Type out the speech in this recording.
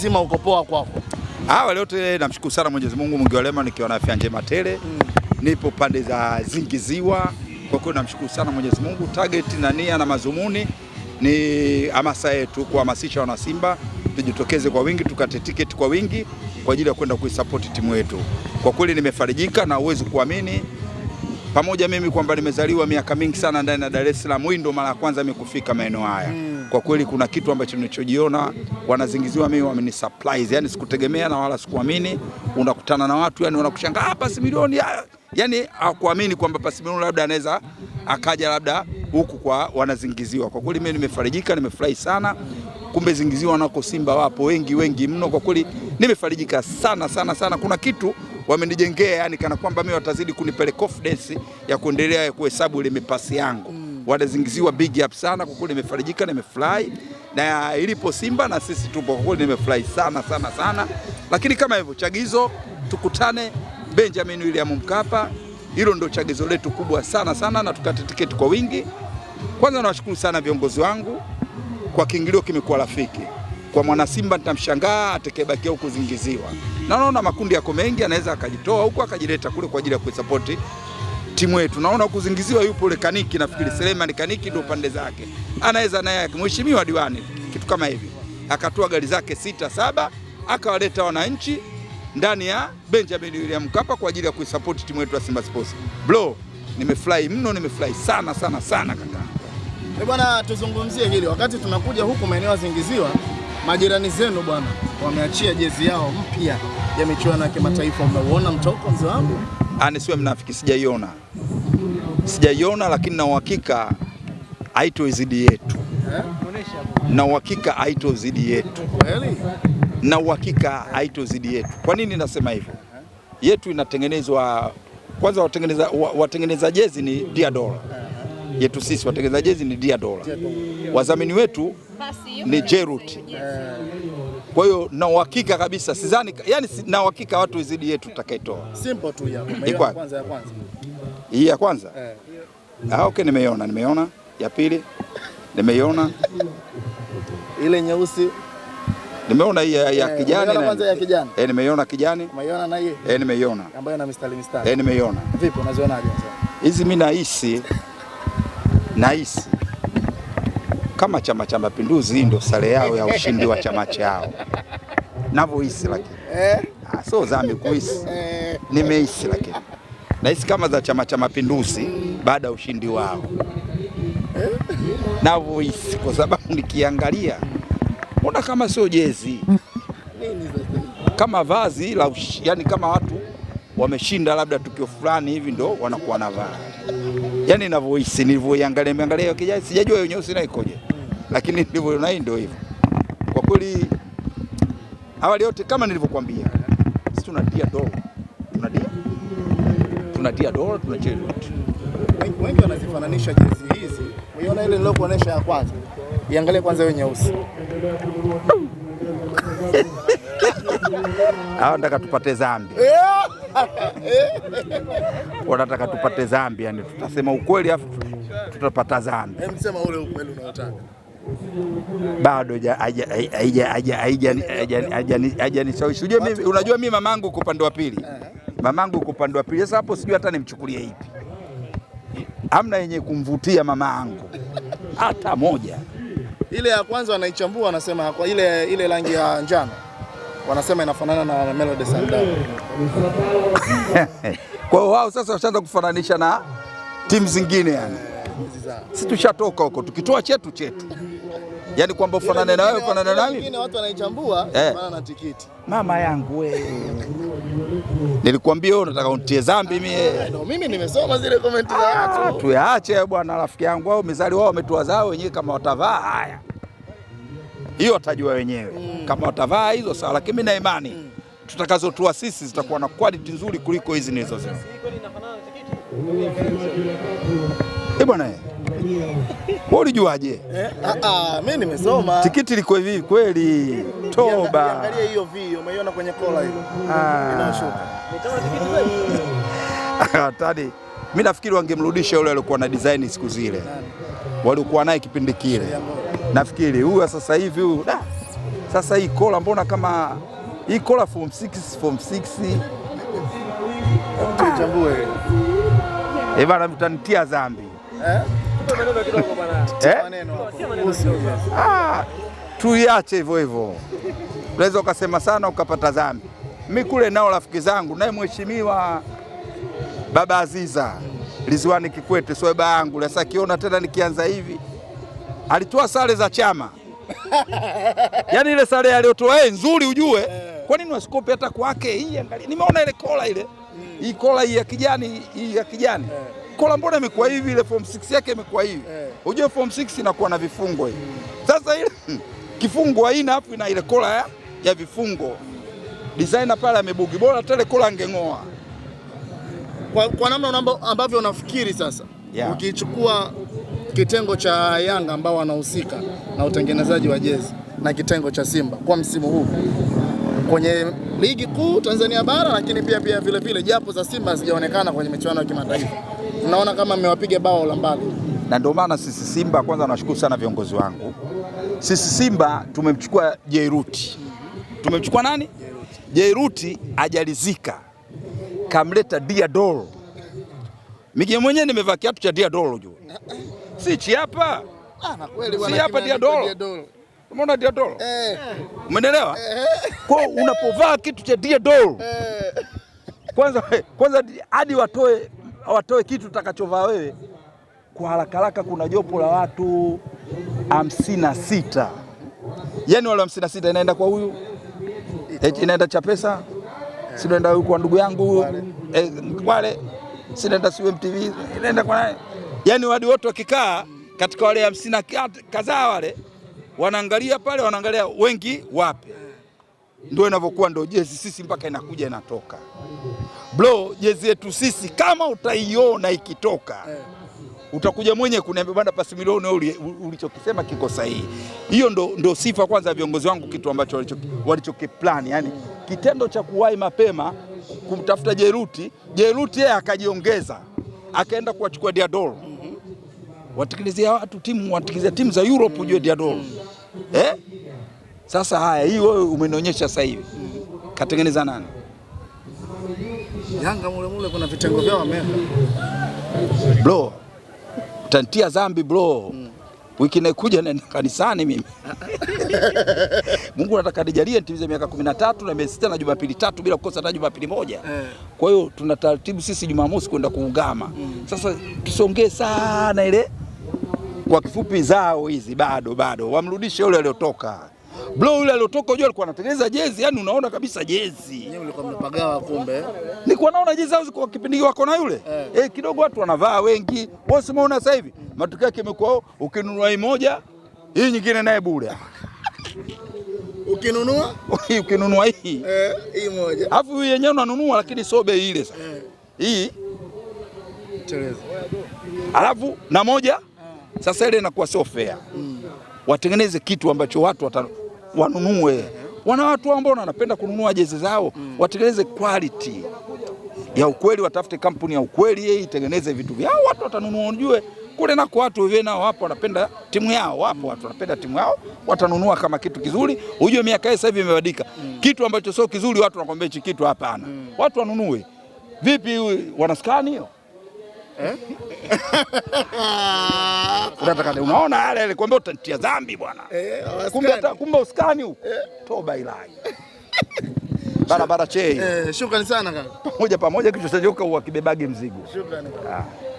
mzima uko poa kwako? Ah, leo tele eh, namshukuru sana Mwenyezi Mungu mwingi wa rehema, nikiwa na afya njema tele mm. Nipo pande za Zingiziwa, kwa kweli namshukuru sana Mwenyezi Mungu. Target na nia na mazumuni ni hamasa yetu kuhamasisha wana Simba tujitokeze kwa wingi tukate tiketi kwa wingi kwa ajili ya kwenda kuisapoti timu yetu. Kwa kweli nimefarijika na uwezi kuamini, pamoja mimi kwamba nimezaliwa miaka mingi sana ndani ya Dar es Salaam, hii ndo mara ya kwanza mimi kufika maeneo haya mm kwa kweli kuna kitu ambacho nilichojiona wanazingiziwa mimi, surprise. yani, sikutegemea na wala sikuamini. Unakutana na watu yani wanakushangaa, ah, pasi milioni ah. yani hakuamini kwamba pasi milioni labda anaweza akaja labda huku kwa wanazingiziwa. Kwa kweli mimi nimefarijika, nimefurahi sana. Kumbe zingiziwa nako Simba wapo wengi wengi mno. Kwa kweli nimefarijika sana sana sana, kuna kitu wamenijengea yani, kana kwamba mimi watazidi kunipele confidence ya kuendelea kuhesabu ile mipasi yangu wanazingiziwa big up sana kwa kweli, nimefarijika nimefurahi, na ilipo Simba na sisi tupo, kwa kweli nimefurahi sana sana sana. Lakini kama hivyo chagizo, tukutane Benjamin William Mkapa, hilo ndo chagizo letu kubwa sana sana, na tukate tiketi kwa wingi. Kwanza nawashukuru sana viongozi wangu kwa kiingilio, kimekuwa rafiki kwa mwana Simba. Nitamshangaa atakayebakia huko zingiziwa, na naona makundi yako mengi, anaweza akajitoa huku akajileta kule kwa ajili ya kuisapoti timu yetu. Naona kuzingiziwa yupo ule kaniki, nafikiri Selemani kaniki ndio pande zake, anaweza naye mheshimiwa diwani kitu kama hivi, akatoa gari zake sita saba akawaleta wananchi ndani ya Benjamin William Mkapa kwa ajili ya kuisapoti timu yetu ya Simba Sports. Bro, nimefurahi mno, nimefurahi sana sana sana kaka. Eh, bwana tuzungumzie hili wakati tunakuja huku maeneo ya Zingiziwa, majirani zenu bwana wameachia jezi yao mpya ya michuano ya kimataifa, unauona mtoko mzee wangu? siwe mnafiki, sijaiona sijaiona, lakini na uhakika zidi yetu, na uhakika zidi yetu, na uhakika zidi yetu. Kwa nini nasema hivyo? Yetu inatengenezwa kwanza, watengeneza, watengeneza jezi ni Diadora yetu sisi watengeneza jezi ni Dia Dola, wadhamini wetu ni Jerut. Kwa hiyo na uhakika kabisa, sidhani yani, na uhakika watu zidi yetu tutakaitoa. Simple tu ya kwanza ya kwanza hii ya kwanza eh. Ah, okay, nimeiona nimeiona ya pili nimeiona ile nyeusi nimeona hii ya eh, kijani na kwanza ya kijani eh, nimeiona kijani, umeiona na hii eh, nimeiona ambayo ina mistari mistari eh, nimeiona. Vipi, unaziona hizi? Mimi nahisi nahisi kama Chama cha Mapinduzi hii ndio sare yao ya ushindi wa chama chao, navyohisi lakini eh? ah, sio zami kuhisi, eh. nimehisi lakini nahisi kama za Chama cha Mapinduzi baada ya ushindi wao, navyohisi kwa sababu nikiangalia mbona kama sio jezi kama vazi la, yani kama watu wameshinda labda tukio fulani hivi ndo wanakuwa navaa. Yani ninavyohisi nilivyoiangalia hiyo kijana sijajua hiyo nyeusi na ikoje, lakini nilivyoona hii ndio hivyo. Kwa kweli awali yote kama nilivyokuambia, sisi tunatia dola, tunatia tunatia dola, tunacheza wengi wanazifananisha jezi hizi. Unaona ile nilokuonesha ya kwanza, iangalie kwanza hiyo nyeusi hawa, nataka tupate Yeah. wanataka tupate dhambi, yani tutasema ukweli afu tutapata dhambi. Hebu ule ukweli unaotaka bado hajanishawishi. Unajua, mimi mamangu uko upande wa pili, mamangu uko upande wa pili. Sasa hapo sijui hata nimchukulie ipi, amna yenye kumvutia mamangu hata moja. Ile ya kwanza anaichambua, anasema ile ile rangi ya njano wanasema inafanana na Melody Sundowns. Kwa hiyo wao sasa washaanza kufananisha na timu zingine yani. Sisi tushatoka huko, tukitoa chetu chetu, yaani kwamba ufanane na wewe, ufanane na nani? Watu wanaichambua eh, na tikiti. Mama yangu wewe, nilikwambia wewe unataka unitie dhambi mie. Ah, no, mimi nimesoma zile comment za ah, watu. Tuyaache bwana, rafiki yangu, au mezali wao wametoa zao wenyewe, kama watavaa haya hiyo watajua wenyewe mm. kama watavaa hizo sawa, lakini mimi na imani mm. tutakazotua sisi zitakuwa na quality nzuri kuliko hizi nilizozi Eh bwana wewe ulijuaje? Eh, ah, ah, mimi nimesoma. Tikiti liko hivi kweli. Toba. Angalia hiyo V, umeiona kwenye kola hiyo. Ah. Tadi mimi nafikiri wangemrudisha yule aliyokuwa na design siku zile waliokuwa naye kipindi kile nafikiri huyu sasa hivi huyu da sasa hii kola mbona kama hii kola form 6 form 6 tuchambue eh bana, mtanitia dhambi eh, eh? Ah, tuiache hivyo hivyo, unaweza ukasema sana ukapata dhambi. Mi kule nao rafiki zangu naye mheshimiwa Baba Aziza liziwani Kikwete, sio baba yangu sasa kiona tena nikianza hivi alitoa sare za chama yaani ile sare aliyotoa yeye nzuri, ujue kwa nini wasikopi hata kwake. Hii angalia, nimeona ile kola ile hmm. hii kola hii ya kijani, hii ya kijani eh. kola, mbona imekuwa hivi? Ile form 6 yake imekuwa hivi, eh. ujue form 6 inakuwa na vifungo hivi. Sasa ile hmm, kifungo haina, hapo, ina ile kola ya, ya vifungo. Designer pale amebugi, bora tele kola angeng'oa. Kwa, kwa namna ambavyo unafikiri sasa, yeah. ukichukua kitengo cha Yanga ambao wanahusika na utengenezaji wa jezi na kitengo cha Simba kwa msimu huu kwenye ligi kuu Tanzania bara, lakini pia pia vile vile japo za Simba hazijaonekana kwenye michuano ya kimataifa, tunaona kama mmewapiga bao la mbali, na ndio maana sisi Simba, kwanza nashukuru sana viongozi wangu. Sisi Simba tumemchukua Jairuti, tumemchukua nani? Jairuti ajalizika, kamleta Diadoro. Mimi mwenyewe nimevaa kiatu cha Diadoro juu si Chiapa ah, si hapa Diadoro. Umeona Diadoro? Eh. Umeelewa? Eh. Kwa unapovaa kitu cha Diadoro eh. kwanza kwanza hadi watoe watoe kitu utakachovaa wewe kwa haraka haraka. Kuna jopo la watu hamsini na sita yaani wale hamsini na sita inaenda kwa huyu inaenda Chapesa, sinaenda kwa ndugu yangu huyu wale, sinaenda si MTV inaenda kwa nani? yaani wadi wote wakikaa katika wale hamsini na kadhaa wale wanaangalia pale, wanaangalia wengi wape. Ndio inavyokuwa, ndio jezi sisi mpaka inakuja inatoka. Bro, jezi yetu sisi kama utaiona ikitoka utakuja mwenye kuniambia bwana, pasi milioni ulichokisema kiko sahihi. Hiyo ndo, ndo sifa kwanza ya viongozi wangu, kitu ambacho walichokiplani, yani kitendo cha kuwahi mapema kumtafuta Jeruti. Jeruti yeye akajiongeza akaenda kuwachukua Diadoro watikilizia watu timu, watikilizia timu za Europe ujue Diadoro eh? Sasa haya, hii wewe umenionyesha sasa hivi katengeneza nani? Yanga mule mule kuna vitengo vyao wameenda bro, utantia zambi bro mm. Wiki inayokuja naenda kanisani mimi Mungu anataka nijalie nitimize miaka 13 na miezi 6 na Jumapili tatu bila kukosa hata Jumapili moja eh. Kwa hiyo tuna taratibu sisi Jumamosi kwenda kuungama mm. Sasa tusongee sana ile kwa kifupi zao hizi bado bado, wamrudishe yule aliyotoka blo, yule aliyotoka. Unajua alikuwa anatengeneza jezi, yani unaona kabisa jezi. Yeye alikuwa mnapagawa kumbe. Nilikuwa naona jezi zao kwa kipindi wako na yule eh, eh kidogo watu wanavaa wengi, wewe umeona sasa hivi mm. matokeo yake imekuwa ukinunua hii moja hii nyingine naye bure ukinunua ukinunua hii eh, hii moja alafu yenyewe unanunua lakini sio bei ile sasa eh. hii alafu na moja sasa ile inakuwa sio fair mm. Watengeneze kitu ambacho watu wata, wanunue. Wana watu ambao wanapenda kununua jezi zao mm. Watengeneze quality ya ukweli, watafute kampuni ya ukweli, yeye itengeneze vitu vyao, watu watanunua. Unjue kule nako watu wewe nao wapo wanapenda timu yao, wapo watu wanapenda timu yao, watanunua kama kitu kizuri. Unjue miaka hii sasa hivi imebadilika mm. Kitu ambacho sio kizuri watu wanakuambia hichi kitu hapana mm. Watu wanunue vipi? Wanaskani hiyo Eh? Unataka unaona, yale kwambia utanitia dhambi bwana, eh, kumbe uskani huu. Eh. Toba ilahi barabara chei. Shukrani sana kaka. Pamoja pamoja, kichwa cha joka uwakibebage mzigo. Shukrani. Ah.